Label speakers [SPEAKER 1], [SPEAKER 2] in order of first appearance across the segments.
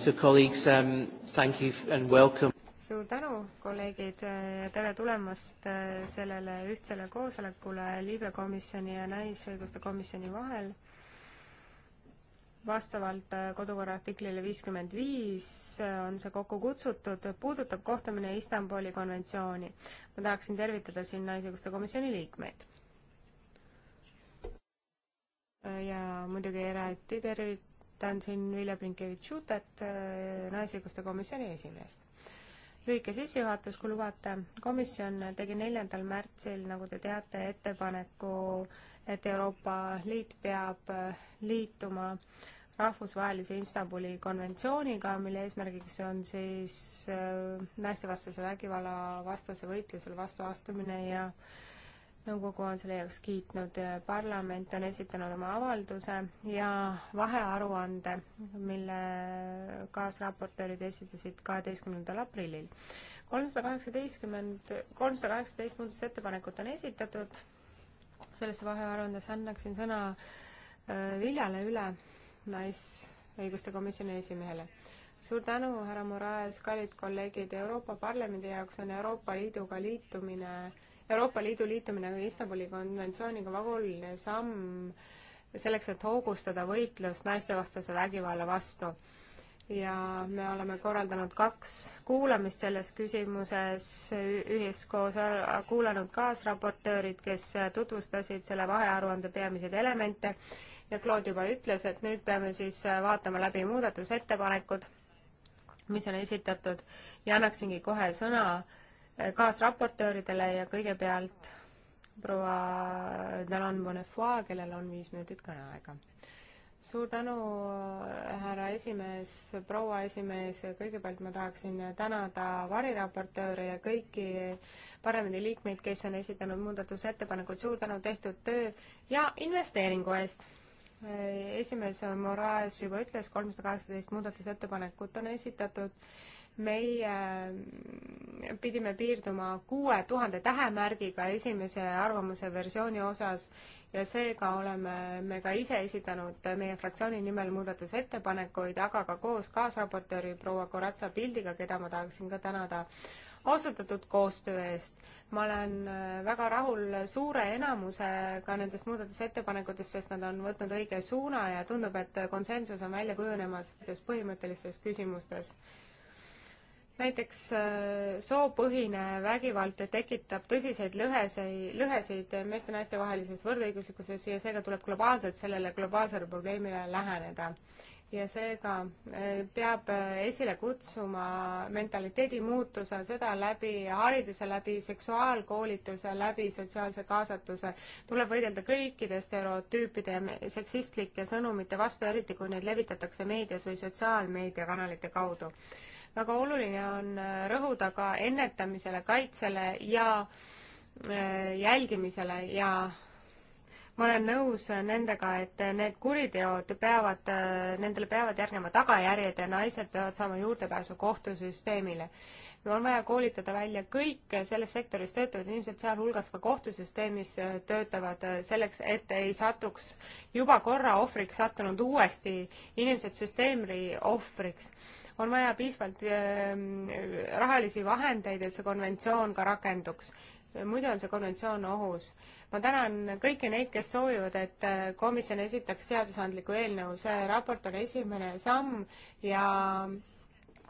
[SPEAKER 1] So colleagues um,, thank you and welcome.
[SPEAKER 2] suur tänu, kolleegid, tere tulemast äh, sellele ühtsele koosolekule Liibe komisjoni ja Naisõiguste komisjoni vahel. vastavalt äh, kodukorra artiklile viiskümmend viis äh, on see kokku kutsutud, puudutab kohtumine Istanbuli konventsiooni. ma tahaksin tervitada siin Naisõiguste komisjoni liikmeid ja muidugi eraldi tervit-, tervitan siin Vilja Plinkevitš-Utet, äh, Naisõiguste komisjoni esimeest. lühike sissejuhatus, kui lubate. komisjon tegi neljandal märtsil, nagu te teate, ettepaneku, et Euroopa Liit peab äh, liituma rahvusvahelise Istanbuli konventsiooniga, mille eesmärgiks on siis äh, naistevastase vägivalla vastase võitlusele vastu astumine ja äh, nõukogu on selle heaks kiitnud, parlament on esitanud oma avalduse ja vahearuande, mille kaasraportöörid esitasid kaheteistkümnendal aprillil. kolmsada kaheksateistkümmend, kolmsada kaheksateist muudatusettepanekut on esitatud, sellesse vahearuandes annaksin sõna äh, Viljale üle, naisõiguste komisjoni esimehele suur tänu, härra Moraes, kallid kolleegid, Euroopa Parlamendi jaoks on Euroopa Liiduga liitumine äh, Euroopa Liidu liitumine Istanbuli konventsiooniga väga oluline samm selleks, et hoogustada võitlust naistevastase vägivalla vastu. ja me oleme korraldanud kaks kuulamist selles küsimuses, üheskoos kuulanud kaasraportöörid, kes tutvustasid selle vahearuande peamiseid elemente ja Claude juba ütles, et nüüd peame siis vaatama läbi muudatusettepanekud, mis on esitatud ja annaksingi kohe sõna äh, kaasraportööridele ja kõigepealt proua Dalan Bonnefoy, kellel on viis minutit kõneaega. suur tänu, härra esimees, proua esimees, kõigepealt ma tahaksin tänada variraportööre ja kõiki parlamendiliikmeid, kes on esitanud muudatusettepanekud, suur tänu tehtud töö ja investeeringu eest esimees Moraes juba ütles, kolmsada kaheksateist muudatusettepanekut on esitatud meie äh, pidime piirduma kuue tuhande tähemärgiga esimese arvamuse versiooni osas ja seega oleme me ka ise esitanud meie fraktsiooni nimel muudatusettepanekuid, aga ka koos kaasraportööri proua Koratsa pildiga, keda ma tahaksin ka tänada austatud koostöö eest. ma olen äh, väga rahul suure enamusega nendest muudatusettepanekutest, sest nad on võtnud õige suuna ja tundub, et konsensus on välja kujunemas nendes põhimõttelistes küsimustes näiteks äh, soopõhine vägivald tekitab tõsiseid lõheseid, lõhesid meeste ja naiste vahelises võrdõiguslikkuses ja seega tuleb globaalselt sellele globaalsele probleemile läheneda. ja seega äh, peab äh, esile kutsuma mentaliteedi muutuse, seda läbi hariduse, läbi seksuaalkoolituse, läbi sotsiaalse kaasatuse. tuleb võidelda kõikide stereotüüpide ja seksistlike sõnumite vastu, eriti kui neid levitatakse meedias või sotsiaalmeediakanalite kaudu väga oluline on äh, rõhuda ka ennetamisele, kaitsele ja äh, jälgimisele ja ma olen nõus nendega, et need kuriteod peavad, äh, nendele peavad järgnema tagajärjed ja naised peavad saama juurdepääsu kohtusüsteemile. on vaja koolitada välja kõik selles sektoris töötavad inimesed, sealhulgas ka kohtusüsteemis töötavad, selleks et ei satuks juba korra ohvriks sattunud uuesti inimesed süsteemi ohvriks on vaja piisavalt ehm, rahalisi vahendeid, et see konventsioon ka rakenduks. muidu on see konventsioon ohus. ma tänan kõiki neid, kes soovivad, et äh, komisjon esitaks seadusandliku eelnõu, see raport on esimene samm ja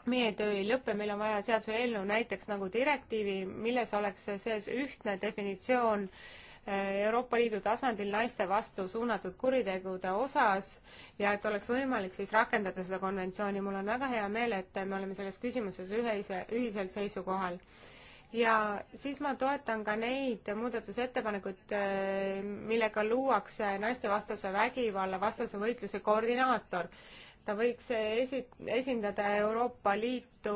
[SPEAKER 2] meie töö ei lõpe, meil on vaja seaduseelnõu näiteks nagu direktiivi, milles oleks sees ühtne definitsioon äh, Euroopa Liidu tasandil naiste vastu suunatud kuritegude osas ja et oleks võimalik siis rakendada seda konventsiooni. mul on väga hea meel, et me oleme selles küsimuses ühise, ühisel seisukohal. ja siis ma toetan ka neid muudatusettepanekuid, äh, millega luuakse naistevastase vägivalla vastase võitluse koordinaator ta võiks esi-, esindada Euroopa Liitu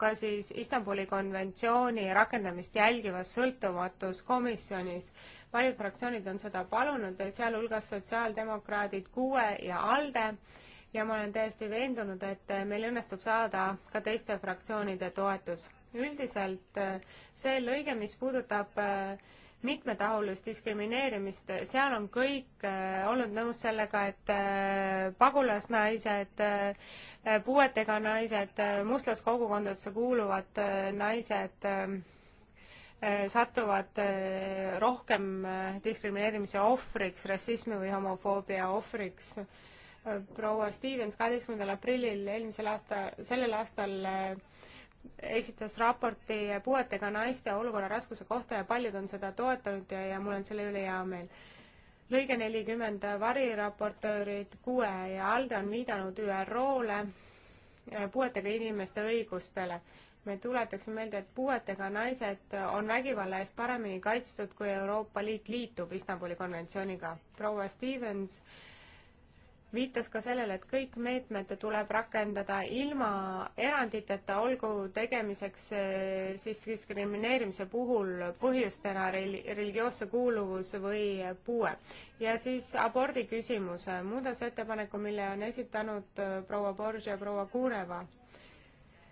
[SPEAKER 2] ka siis Istanbuli konventsiooni rakendamist jälgivas sõltumatus komisjonis. paljud fraktsioonid on seda palunud, sealhulgas sotsiaaldemokraadid, kuue ja ALDE, ja ma olen täiesti veendunud, et meil õnnestub saada ka teiste fraktsioonide toetus. üldiselt eh, see lõige, mis puudutab äh, mitmetahulist diskrimineerimist, seal on kõik äh, olnud nõus sellega, et äh, pagulasnaised äh,, puuetega naised äh,, mustlaskogukondadesse kuuluvad äh, naised äh, äh, satuvad äh, rohkem äh, diskrimineerimise ohvriks, rassismi või homofoobia ohvriks äh, proua Stevens kaheteistkümnendal aprillil eelmisel aastal, sellel aastal äh, esitas raporti puuetega naiste olukorra raskuse kohta ja paljud on seda toetanud ja, ja mul on selle üle hea meel. lõige nelikümmend variraportöörid Kuue ja Alde on viidanud ÜRO-le äh, puuetega inimeste õigustele. me tuletaksime meelde, et puuetega naised on vägivalla eest paremini kaitstud, kui Euroopa Liit liitub Istanbuli konventsiooniga. proua Stevens äh, viitas ka sellele, et kõik meetmed tuleb rakendada ilma eranditeta, olgu tegemiseks eh, siis diskrimineerimise puhul põhjustena religioosse kuuluvus või puue. ja siis abordi küsimus, eh, muudatusettepaneku, mille on esitanud eh, proua Borž ja proua Kureva.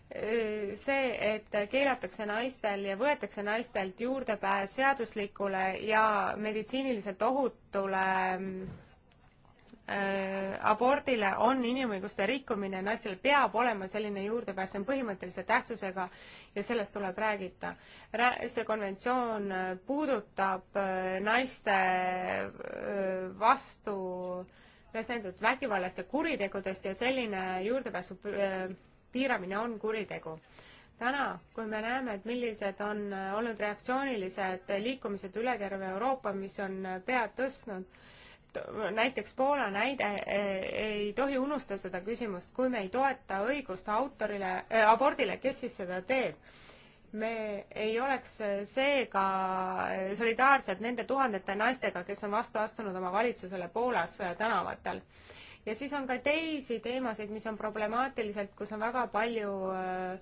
[SPEAKER 2] see, et keelatakse naistel ja võetakse naistelt juurdepääs seaduslikule ja meditsiiniliselt ohutule mm, Äh, abordile on inimõiguste rikkumine, naistel peab olema selline juurdepääs, see on põhimõttelise tähtsusega ja sellest tuleb räägida. see konventsioon äh, puudutab äh, naiste vastu üles näidatud vägivallast ja kuritegudest ja selline juurdepääsu piiramine on kuritegu täna, kui me näeme, et millised on olnud reaktsioonilised liikumised üle terve Euroopa, mis on pead tõstnud, näiteks Poola näide, eh, ei tohi unustada seda küsimust, kui me ei toeta õigust autorile äh,, abordile, kes siis seda teeb? me ei oleks seega solidaarsed nende tuhandete naistega, kes on vastu astunud oma valitsusele Poolas tänavatel. ja siis on ka teisi teemasid, mis on problemaatilised, kus on väga palju äh,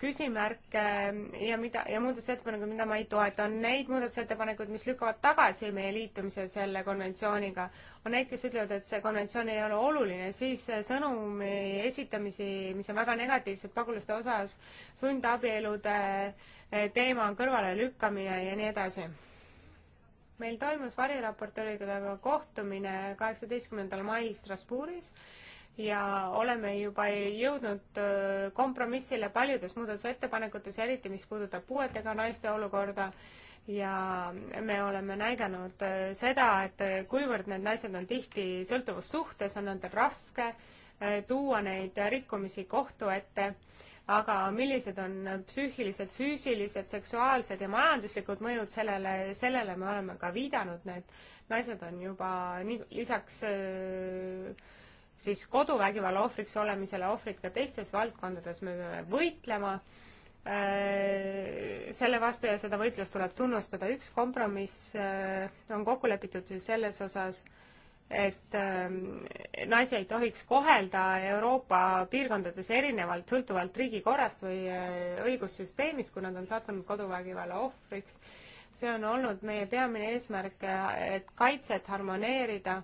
[SPEAKER 2] küsimärke ja mida, ja muudatusettepanekuid, mida ma ei toeta, on neid muudatusettepanekuid, mis lükkavad tagasi meie liitumise selle konventsiooniga. on neid, kes ütlevad, et see konventsioon ei ole oluline, siis sõnumi esitamisi, mis on väga negatiivsed pagulaste osas, sundabielude teema kõrvalelükkamine ja nii edasi. meil toimus variraportööridega kohtumine kaheksateistkümnendal mail Strasbourgis ja oleme juba jõudnud äh, kompromissile paljudes muudatusettepanekutes, eriti mis puudutab puuetega naiste olukorda ja me oleme näidanud äh, seda, et äh, kuivõrd need naised on tihti sõltuvussuhtes, on nendel raske tuua neid rikkumisi kohtu ette, aga millised on psüühilised, füüsilised, seksuaalsed ja majanduslikud mõjud sellele, sellele me oleme ka viidanud, need naised on juba nii, lisaks äh, siis koduvägivalla ohvriks olemisele ohvrid ka teistes valdkondades me peame võitlema äh, selle vastu ja seda võitlust tuleb tunnustada. üks kompromiss äh, on kokku lepitud siis selles osas, et äh, naisi ei tohiks kohelda Euroopa piirkondades erinevalt, sõltuvalt riigikorrast või äh, õigussüsteemist, kui nad on sattunud koduvägivalla ohvriks. see on olnud meie peamine eesmärk, äh, et kaitset harmoneerida äh,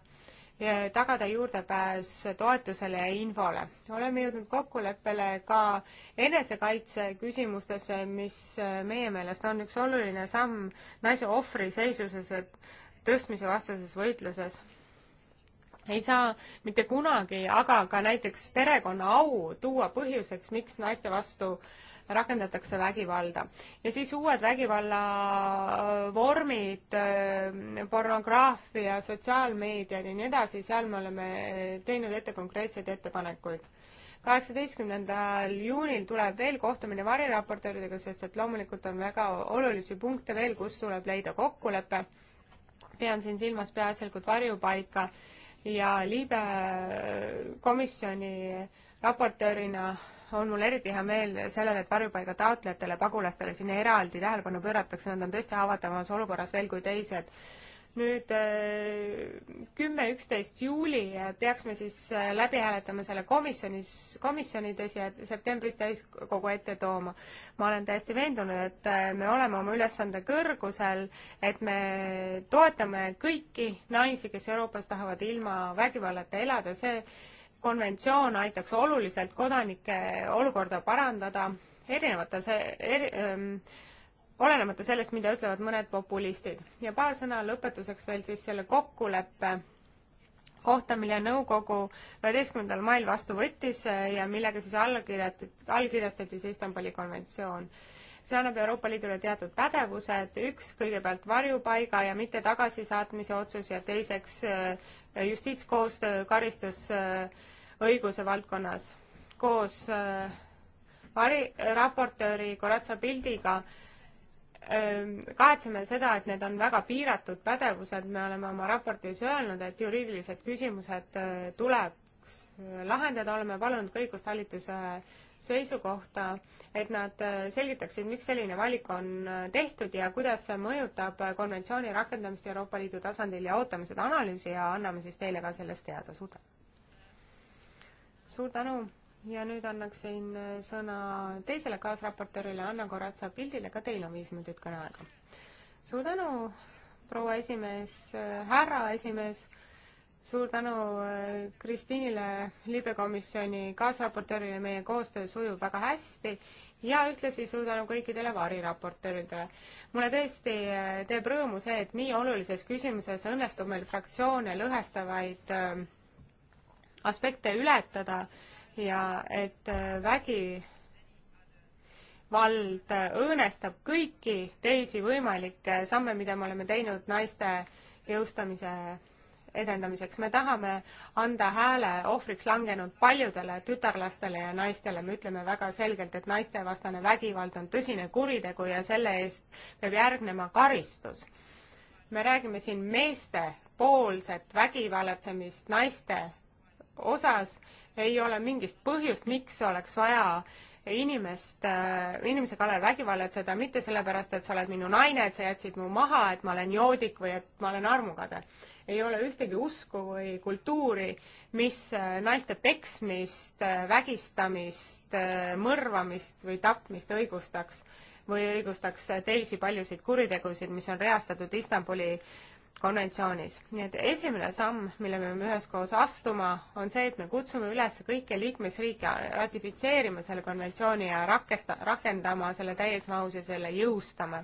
[SPEAKER 2] tagada juurdepääs toetusele ja infole. oleme jõudnud kokkuleppele ka enesekaitse küsimustes, mis äh, meie meelest on üks oluline samm naise ohvri seisuses tõstmise vastases võitluses. ei saa mitte kunagi, aga ka näiteks perekonna au tuua põhjuseks, miks naiste vastu rakendatakse vägivalda. ja siis uued vägivalla vormid reklaamid, äh, pornograafia, sotsiaalmeediad ja nii edasi, seal me oleme äh, teinud ette konkreetseid ettepanekuid. kaheksateistkümnendal juunil tuleb veel kohtumine variraportööridega, sest et loomulikult on väga olulisi punkte veel, kus tuleb leida kokkulepe. pean siin silmas peaasjalikult varjupaika ja liibe äh, komisjoni raportöörina on mul eriti hea meel sellele, et varjupaiga taotlejatele, pagulastele siin eraldi tähelepanu pööratakse, nad on tõesti haavatavamas olukorras veel kui teised. nüüd äh, kümme, üksteist juuli peaks me siis äh, läbi hääletama selle komisjonis, komisjonides ja septembris täiskogu ette tooma. ma olen täiesti veendunud, et äh, me oleme oma ülesande kõrgusel, et me toetame kõiki naisi, kes Euroopas tahavad ilma vägivallata elada, see konventsioon aitaks oluliselt kodanike olukorda parandada erinevate see eri, ähm, olenemata sellest, mida ütlevad mõned populistid. ja paar sõna lõpetuseks veel siis selle kokkuleppe kohta, mille nõukogu üheteistkümnendal mail vastu võttis äh, ja millega siis allkirjastati, allkirjastati see Istanbuli konventsioon. see annab Euroopa Liidule teatud pädevused, üks kõigepealt varjupaiga ja mitte tagasisaatmise otsus ja teiseks äh, justiitskoostöö karistus äh, õiguse valdkonnas koos äh, vari-, raportööri Koratsa pildiga äh, kahetseme seda, et need on väga piiratud pädevused, me oleme oma raportis öelnud, et juriidilised küsimused äh, tuleb äh, lahendada, oleme palunud ka õigustalituse äh, seisukohta, et nad äh, selgitaksid, miks selline valik on tehtud ja kuidas see mõjutab konventsiooni rakendamist Euroopa Liidu tasandil ja ootame seda analüüsi ja anname siis teile ka sellest teada, suur tänu! suur tänu ja nüüd annaksin äh, sõna teisele kaasraportöörile Anna Koratsa pildile, ka teil on viis minutit kõneaega. suur tänu, proua esimees, äh, härra esimees suur tänu äh, Kristiinile, libekomisjoni kaasraportöörile, meie koostöö sujub väga hästi ja ühtlasi suur tänu kõikidele variraportööridele. mulle tõesti teeb rõõmu see, et nii olulises küsimuses õnnestub meil fraktsioone lõhestavaid äh, aspekte ületada ja et äh, vägivald äh, õõnestab kõiki teisi võimalikke samme, mida me oleme teinud naiste jõustamise edendamiseks. me tahame anda hääle ohvriks langenud paljudele tütarlastele ja naistele. me ütleme väga selgelt, et naistevastane vägivald on tõsine kuritegu ja selle eest peab järgnema karistus. me räägime siin meeste poolset vägivallatsemist naiste osas ei ole mingit põhjust, miks oleks vaja inimest, äh, inimese kallal vägivallatseda, mitte sellepärast, et sa oled minu naine, et sa jätsid mu maha, et ma olen joodik või et ma olen armukade. ei ole ühtegi usku või kultuuri, mis äh, naiste peksmist, äh, vägistamist, mõrvamist või tapmist õigustaks või õigustaks teisi paljusid kuritegusid, mis on reastatud Istanbuli äh, konventsioonis. nii et esimene samm, mille me peame üheskoos astuma, on see, et me kutsume üles kõiki liikmesriike ratifitseerima selle konventsiooni ja rakesta-, rakendama selle täies mahus ja selle jõustama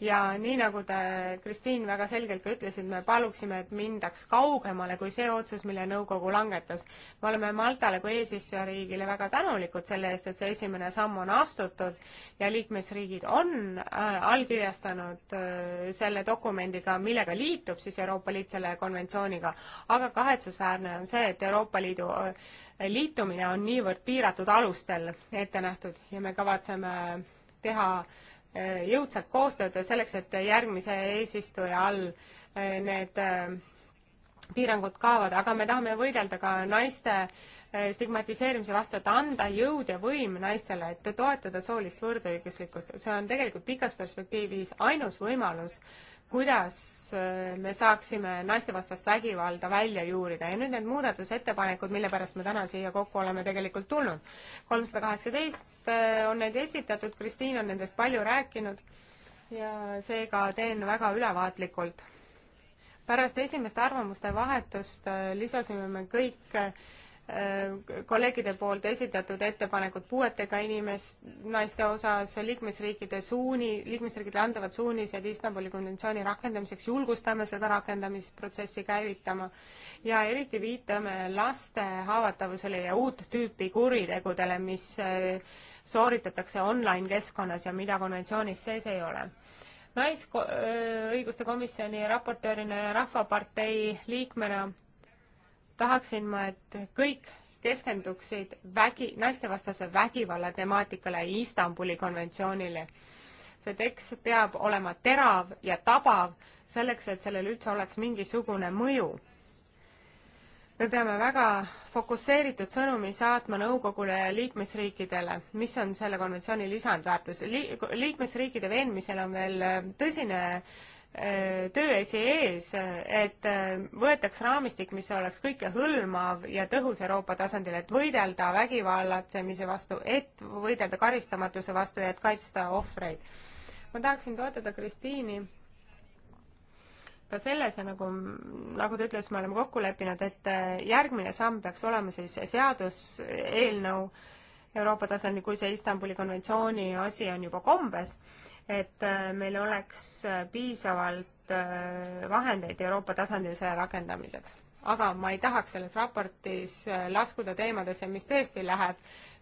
[SPEAKER 2] ja nii, nagu te, Kristiin, väga selgelt ka ütlesid, me paluksime, et mindaks kaugemale kui see otsus, mille nõukogu langetas. me oleme Maltale kui eesistujariigile väga tänulikud selle eest, et see esimene samm on astutud ja liikmesriigid on äh, allkirjastanud äh, selle dokumendiga, millega liitub siis Euroopa Liit selle konventsiooniga. aga kahetsusväärne on see, et Euroopa Liidu äh, liitumine on niivõrd piiratud alustel ette nähtud ja me kavatseme teha äh, jõudsat koostööd selleks, et järgmise eesistuja all eh, need eh, piirangud kaovad, aga me tahame võidelda ka naiste eh, stigmatiseerimise vastu, et anda jõud ja võim naistele, et toetada soolist võrdõiguslikkust. see on tegelikult pikas perspektiivis ainus võimalus kuidas äh, me saaksime naistevastast vägivalda välja juurida ja nüüd need muudatusettepanekud, mille pärast me täna siia kokku oleme tegelikult tulnud. kolmsada kaheksateist äh, on neid esitatud, Kristiin on nendest palju rääkinud ja seega teen väga ülevaatlikult. pärast esimest arvamuste vahetust äh, lisasime me kõik Äh, kolleegide poolt esitatud ettepanekud puuetega inimes-, naiste osas, liikmesriikide suuni, liikmesriigile antavad suunised Istanbuli konventsiooni rakendamiseks, julgustame seda rakendamisprotsessi käivitama ja eriti viitame laste haavatavusele ja uut tüüpi kuritegudele, mis äh, sooritatakse online-keskkonnas ja mida konventsioonis sees ei ole naisõiguste komisjoni raportöörina ja Rahvapartei liikmena tahaksin ma, et kõik keskenduksid vägi, naistevastase vägivalla temaatikale ja Istanbuli konventsioonile. see tekst peab olema terav ja tabav selleks, et sellel üldse oleks mingisugune mõju. me peame väga fokusseeritud sõnumi saatma nõukogule ja liikmesriikidele, mis on selle konventsiooni lisandväärtus Li. liikmesriikide veenmisel on veel tõsine äh, Äh, tööesi ees, et äh, võetaks raamistik, mis oleks kõikehõlmav ja tõhus Euroopa tasandil, et võidelda vägivallatsemise vastu, et võidelda karistamatuse vastu ja et kaitsta ohvreid. ma tahaksin toetada Kristiini ka selles ja nagu, nagu ta ütles, me oleme kokku leppinud, et äh, järgmine samm peaks olema siis seaduseelnõu Euroopa tasandil, kui see Istanbuli konventsiooni asi on juba kombes et äh, meil oleks äh, piisavalt äh, vahendeid Euroopa tasandil selle rakendamiseks. aga ma ei tahaks selles raportis laskuda teemadesse, mis tõesti läheb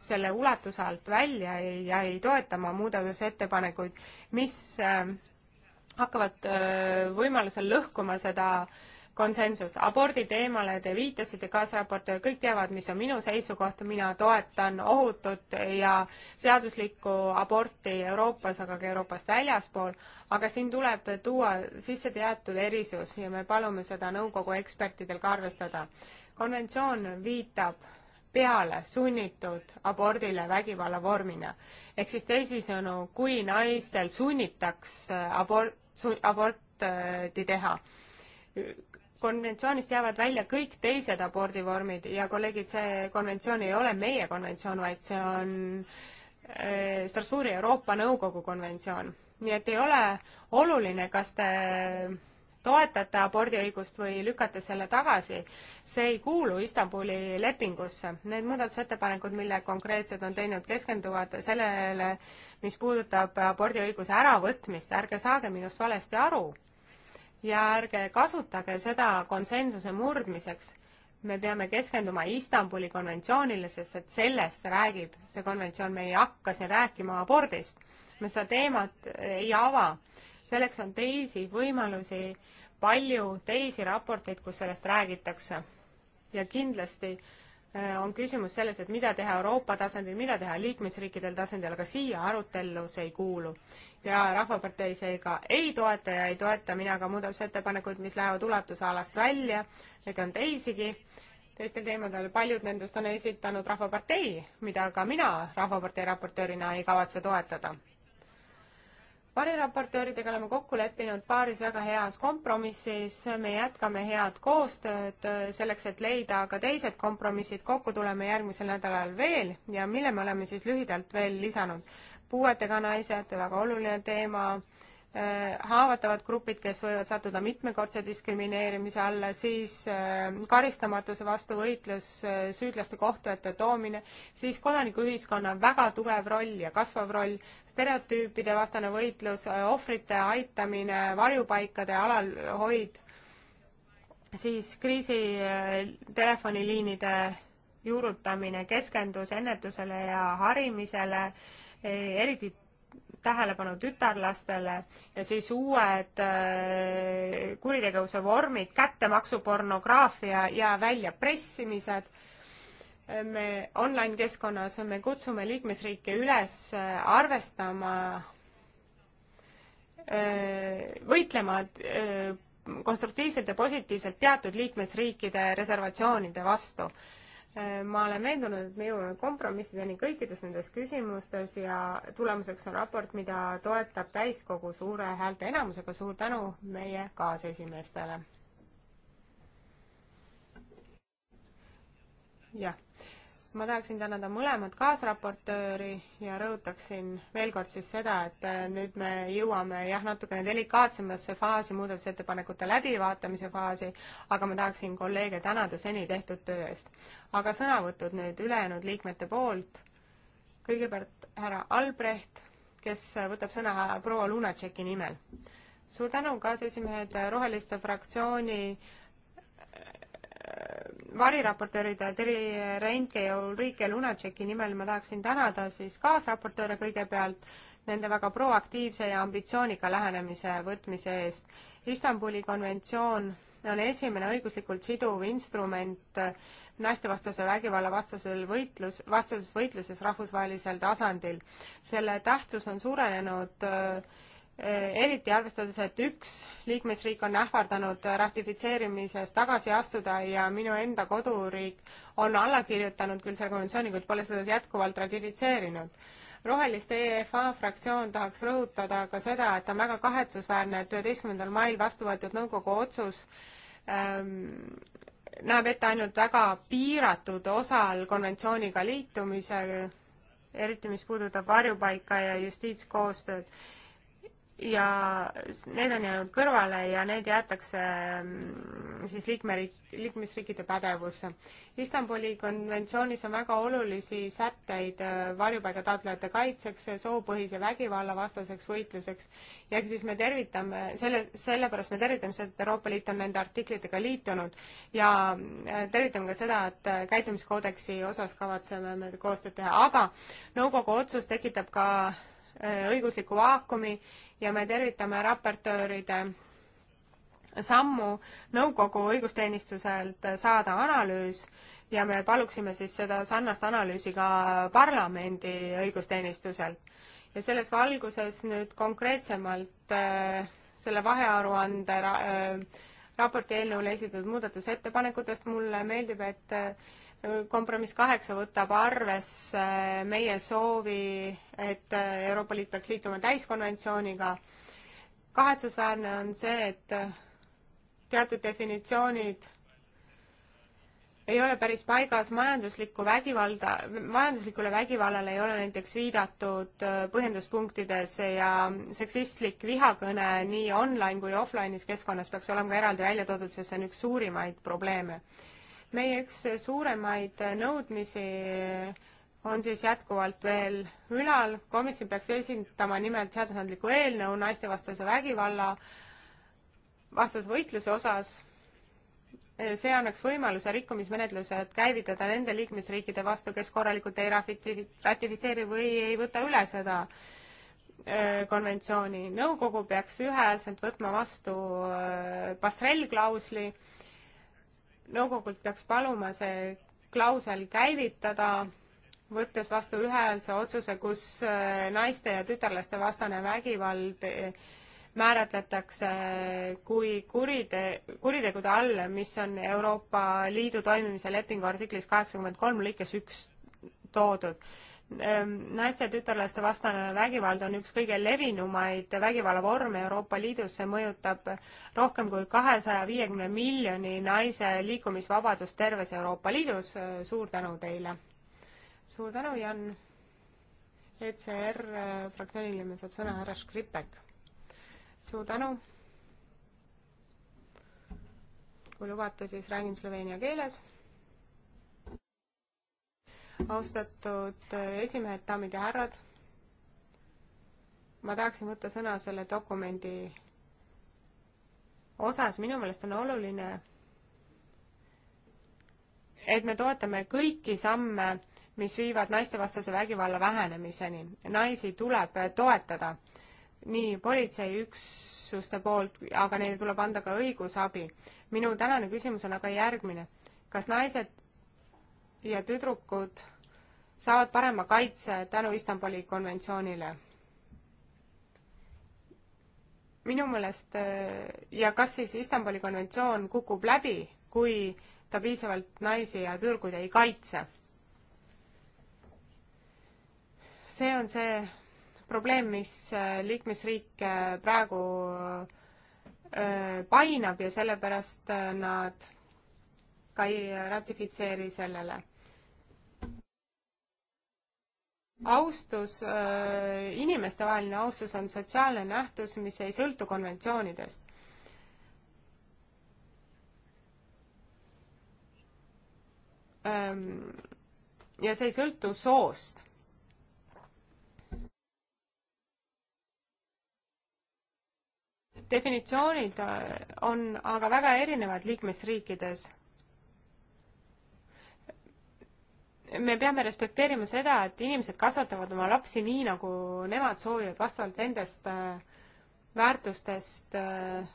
[SPEAKER 2] selle ulatuse alt välja ja ei toeta ma muudatusettepanekuid, mis hakkavad võimalusel lõhkuma seda äh, konsensust. abordi teemale te viitasite, kaasraportöör, kõik teavad, mis on minu seisukoht, mina toetan ohutut ja seaduslikku aborti Euroopas, aga ka Euroopast väljaspool, aga siin tuleb tuua sisse teatud erisus ja me palume seda nõukogu ekspertidel ka arvestada. konventsioon viitab peale sunnitud abordile vägivalla vormina. ehk siis teisisõnu, kui naistel sunnitaks abort, aborti teha konventsioonist jäävad välja kõik teised abordivormid ja kolleegid, see konventsioon ei ole meie konventsioon, vaid see on eh, Strasbourgi Euroopa Nõukogu konventsioon. nii et ei ole oluline, kas te toetate abordiõigust või lükkate selle tagasi, see ei kuulu Istanbuli lepingusse. Need muudatusettepanekud, mille konkreetsed on teinud, keskenduvad sellele, mis puudutab abordiõiguse äravõtmist, ärge saage minust valesti aru ja ärge kasutage seda konsensuse murdmiseks. me peame keskenduma Istanbuli konventsioonile, sest et sellest räägib see konventsioon, me ei hakka siin rääkima abordist. me seda teemat ei ava. selleks on teisi võimalusi, palju teisi raporteid, kus sellest räägitakse. ja kindlasti äh, Äh, on küsimus selles, et mida teha Euroopa tasandil, mida teha liikmesriikidel tasandil, aga siia arutellu see ei kuulu. ja Rahvapartei seega ei toeta ja ei toeta mina ka muudatusettepanekuid, mis lähevad ulatusalast välja, neid on teisigi, teistel teemadel, paljud nendest on esitanud Rahvapartei, mida ka mina Rahvapartei raportöörina ei kavatse toetada variraportööridega oleme kokku leppinud paaris väga heas kompromissis, me jätkame head koostööd selleks, et leida ka teised kompromissid, kokku tuleme järgmisel nädalal veel ja mille me oleme siis lühidalt veel lisanud. puuetega naised, väga oluline teema äh, haavatavad grupid, kes võivad sattuda mitmekordse diskrimineerimise alla, siis äh, karistamatuse vastu võitlus, äh, süüdlaste kohtu ette toomine, siis kodanikuühiskonna väga tugev roll ja kasvav roll, stereotüüpide vastane võitlus, ohvrite aitamine, varjupaikade alalhoid, siis kriisitelefoniliinide äh, juurutamine, keskendus ennetusele ja harimisele, e, eriti tähelepanu tütarlastele ja siis uued äh, kuritegevuse vormid, kättemaksupornograafia ja väljapressimised me online keskkonnas me kutsume liikmesriike üles äh, arvestama, äh, võitlema äh, konstruktiivselt ja positiivselt teatud liikmesriikide reservatsioonide vastu. ma olen veendunud, et me jõuame kompromissideni kõikides nendes küsimustes ja tulemuseks on raport, mida toetab täiskogu suure häälteenamusega. suur tänu meie kaasesimeestele. jah ma tahaksin tänada mõlemat kaasraportööri ja rõhutaksin veel kord siis seda, et äh, nüüd me jõuame jah, natukene delikaatsemasse faasi, muudatusettepanekute läbivaatamise faasi, aga ma tahaksin kolleege tänada seni tehtud töö eest. aga sõnavõtud nüüd ülejäänud liikmete poolt. kõigepealt härra Albrecht, kes võtab sõna proua Lunatšeki nimel. suur tänu, kaasesimehed Roheliste fraktsiooni äh, variraportööride Terri Reinke ja Ulrike Lunatšeki nimel ma tahaksin tänada siis kaasraportööre kõigepealt nende väga proaktiivse ja ambitsioonika lähenemise võtmise eest. Istanbuli konventsioon on esimene õiguslikult siduv instrument naistevastase vägivalla vastasel võitlus, vastases võitluses rahvusvahelisel tasandil. selle tähtsus on suurenenud Eh, eriti arvestades, et üks liikmesriik on ähvardanud ratifitseerimises tagasi astuda ja minu enda koduriik on alla kirjutanud küll selle konventsiooni, kuid pole seda jätkuvalt ratifitseerinud. roheliste EFA fraktsioon tahaks rõhutada ka seda, et on väga kahetsusväärne, et üheteistkümnendal mail vastu võetud nõukogu otsus ähm, näeb ette ainult väga piiratud osal konventsiooniga liitumise, eriti mis puudutab varjupaika ja justiitskoostööd ja need on jäänud kõrvale ja need jäetakse mm, siis liikmeriik, liikmesriikide pädevusse. Istanbuli konventsioonis on väga olulisi sätteid äh, varjupaiga taotlejate kaitseks, soopõhise vägivalla vastaseks võitluseks ja siis me tervitame, selle, sellepärast me tervitame seda, et Euroopa Liit on nende artiklitega liitunud ja äh, tervitame ka seda, et äh, käitumiskoodeksi osas kavatseme me koostööd teha, aga nõukogu otsus tekitab ka Äh, õigusliku vaakumi ja me tervitame raportööride sammu nõukogu õigusteenistuselt saada analüüs ja me paluksime siis seda sarnast analüüsi ka parlamendi õigusteenistuselt. ja selles valguses nüüd konkreetsemalt äh, selle vahearuande ra äh, raporti eelnõule esitatud muudatusettepanekutest mulle meeldib, et äh, kompromiss kaheksa võtab arvesse meie soovi, et Euroopa Liit peaks liituma täiskonventsiooniga. kahetsusväärne on see, et teatud definitsioonid ei ole päris paigas, majanduslikku vägivalda, majanduslikule vägivallale ei ole näiteks viidatud põhjenduspunktides ja seksistlik vihakõne nii online kui offline'is keskkonnas peaks olema ka eraldi välja toodud, sest see on üks suurimaid probleeme meie üks suuremaid nõudmisi on siis jätkuvalt veel ülal, komisjon peaks esindama nimelt seadusandliku eelnõu naistevastase vägivalla vastase võitluse osas. see annaks võimaluse rikkumismenetlused käivitada nende liikmesriikide vastu, kes korralikult ei ratifitseeri või ei võta üle seda äh, konventsiooni. nõukogu peaks üheselt võtma vastu passerellklausli äh, nõukogult peaks paluma see klausel käivitada, võttes vastu ühehäälse otsuse, kus äh, naiste ja tütarlaste vastane vägivald äh, määratletakse äh, kui kurite, kuritegude all, mis on Euroopa Liidu toimimise lepingu artiklis kaheksakümmend kolm lõikes üks toodud. Ehm, naiste ja tütarlaste vastane vägivald on üks kõige levinumaid vägivallavorme Euroopa Liidus, see mõjutab rohkem kui kahesaja viiekümne miljoni naise liikumisvabadust terves Euroopa Liidus, ehm, suur tänu teile! suur tänu, Jan! ECR ehm, fraktsiooni nimel saab sõna härra Škripek. suur tänu! kui lubate, siis räägin sloveenia keeles austatud äh, esimehed, daamid ja härrad. ma tahaksin võtta sõna selle dokumendi osas, minu meelest on oluline, et me toetame kõiki samme, mis viivad naistevastase vägivalla vähenemiseni. naisi tuleb toetada nii politseiüksuste poolt, aga neile tuleb anda ka õigusabi. minu tänane küsimus on aga järgmine. kas naised ja tüdrukud saavad parema kaitse tänu Istanbuli konventsioonile. minu meelest äh, ja kas siis Istanbuli konventsioon kukub läbi, kui ta piisavalt naisi ja tüdrukuid ei kaitse? see on see probleem, mis äh, liikmesriike praegu äh, painab ja sellepärast nad ka ei ratifitseeri sellele austus, äh, inimestevaheline austus on sotsiaalne nähtus, mis ei sõltu konventsioonidest. Ehm, ja see ei sõltu soost. definitsioonid äh, on aga väga erinevad liikmesriikides me peame respekteerima seda, et inimesed kasvatavad oma lapsi nii, nagu nemad soovivad, vastavalt endast äh, väärtustest, äh,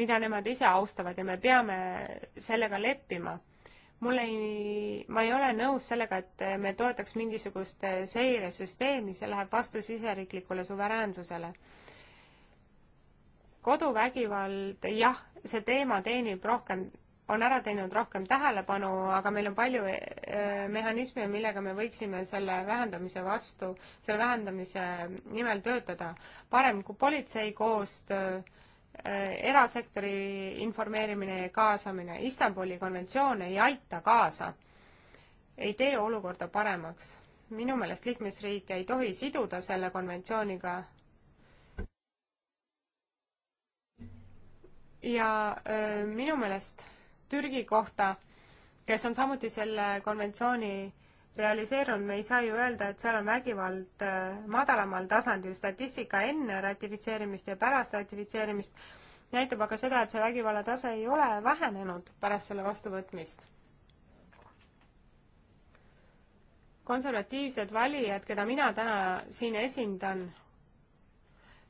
[SPEAKER 2] mida nemad ise austavad ja me peame sellega leppima. mul ei, ma ei ole nõus sellega, et me toetaks mingisugust seiresüsteemi, see läheb vastu siseriiklikule suveräänsusele. koduvägivald, jah, see teema teenib rohkem on ära teinud rohkem tähelepanu, aga meil on palju eh, mehhanisme, millega me võiksime selle vähendamise vastu, selle vähendamise nimel töötada. parem kui politsei koostöö, eh, erasektori informeerimine ja kaasamine. Istanbuli konventsioon ei aita kaasa, ei tee olukorda paremaks. minu meelest liikmesriike ei tohi siduda selle konventsiooniga, ja öö, eh, minu meelest Türgi kohta, kes on samuti selle konventsiooni realiseerunud, me ei saa ju öelda, et seal on vägivald äh, madalamal tasandil, statistika enne ratifitseerimist ja pärast ratifitseerimist näitab aga seda, et see vägivalla tase ei ole vähenenud pärast selle vastuvõtmist. konservatiivsed valijad, keda mina täna siin esindan,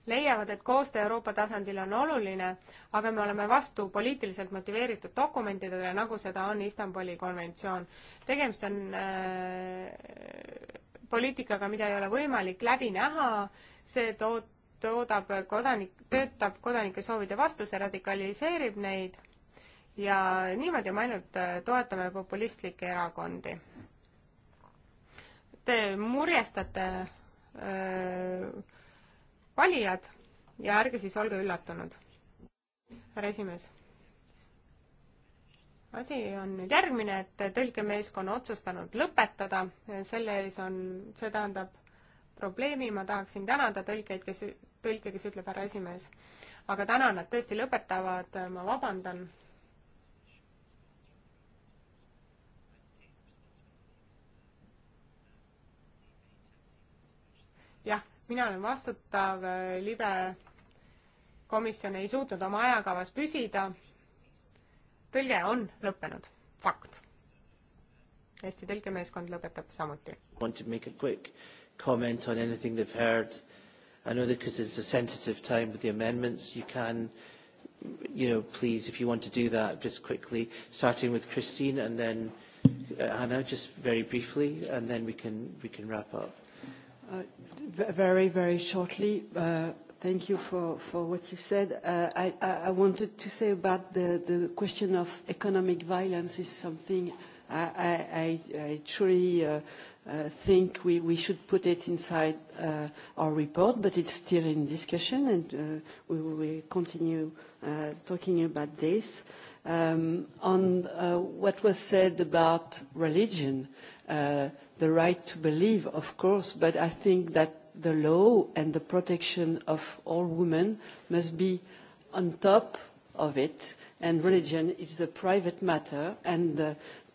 [SPEAKER 2] leiavad, et koostöö Euroopa tasandil on oluline, aga me oleme vastu poliitiliselt motiveeritud dokumentidele, nagu seda on Istanbuli konventsioon. tegemist on äh, poliitikaga, mida ei ole võimalik läbi näha, see toot-, toodab kodanik, töötab kodanike soovide vastu, see radikaliseerib neid ja niimoodi me ainult äh, toetame populistlikke erakondi. Te murjestate öö, äh, valijad ja ärge siis olge üllatunud. härra esimees. asi on nüüd järgmine, et tõlkemeeskond otsustanud lõpetada, selle ees on, see tähendab probleemi, ma tahaksin tänada tõlkeid, kes, tõlke, kes ütleb härra esimees. aga täna nad tõesti lõpetavad, ma vabandan mina olen vastutav, äh, libe komisjon ei suutnud oma ajakavas püsida. tõlge on lõppenud, fakt. Eesti tõlkemeeskond lõpetab samuti.
[SPEAKER 1] Want to make a quick comment on anything they have heard? I know that because it's a sensitive time with the amendments, you can you know, please, if you want to do that, just quickly, starting with Christine and then uh, Hannah, just very briefly, and then we can, we can wrap up. Uh, very, very shortly. Uh, thank you for, for what you said. Uh, I, I wanted to say about the, the question of economic violence is something uh, I, I, I truly uh, uh, think we, we should put it inside uh, our report, but it's still in discussion, and uh, we will continue uh, talking about this. Um, on uh, what was said about religion, uh, the right to believe, of course, but I think that the law and the protection of all women must be on top of it, and religion is a private matter, and uh,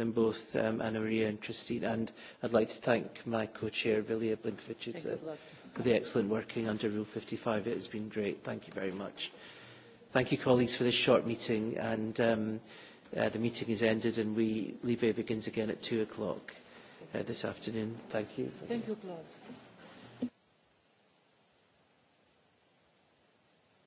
[SPEAKER 1] them both, um, Anna Maria and Christine. And I'd like to thank my co-chair, Vilia Blinkovich, uh, for the excellent working under Rule 55. It has been great. Thank you very much. Thank you, colleagues, for this short meeting. And um, uh, the meeting is ended, and we Libe begins again at 2 o'clock uh, this afternoon. Thank you. Thank you, Claude.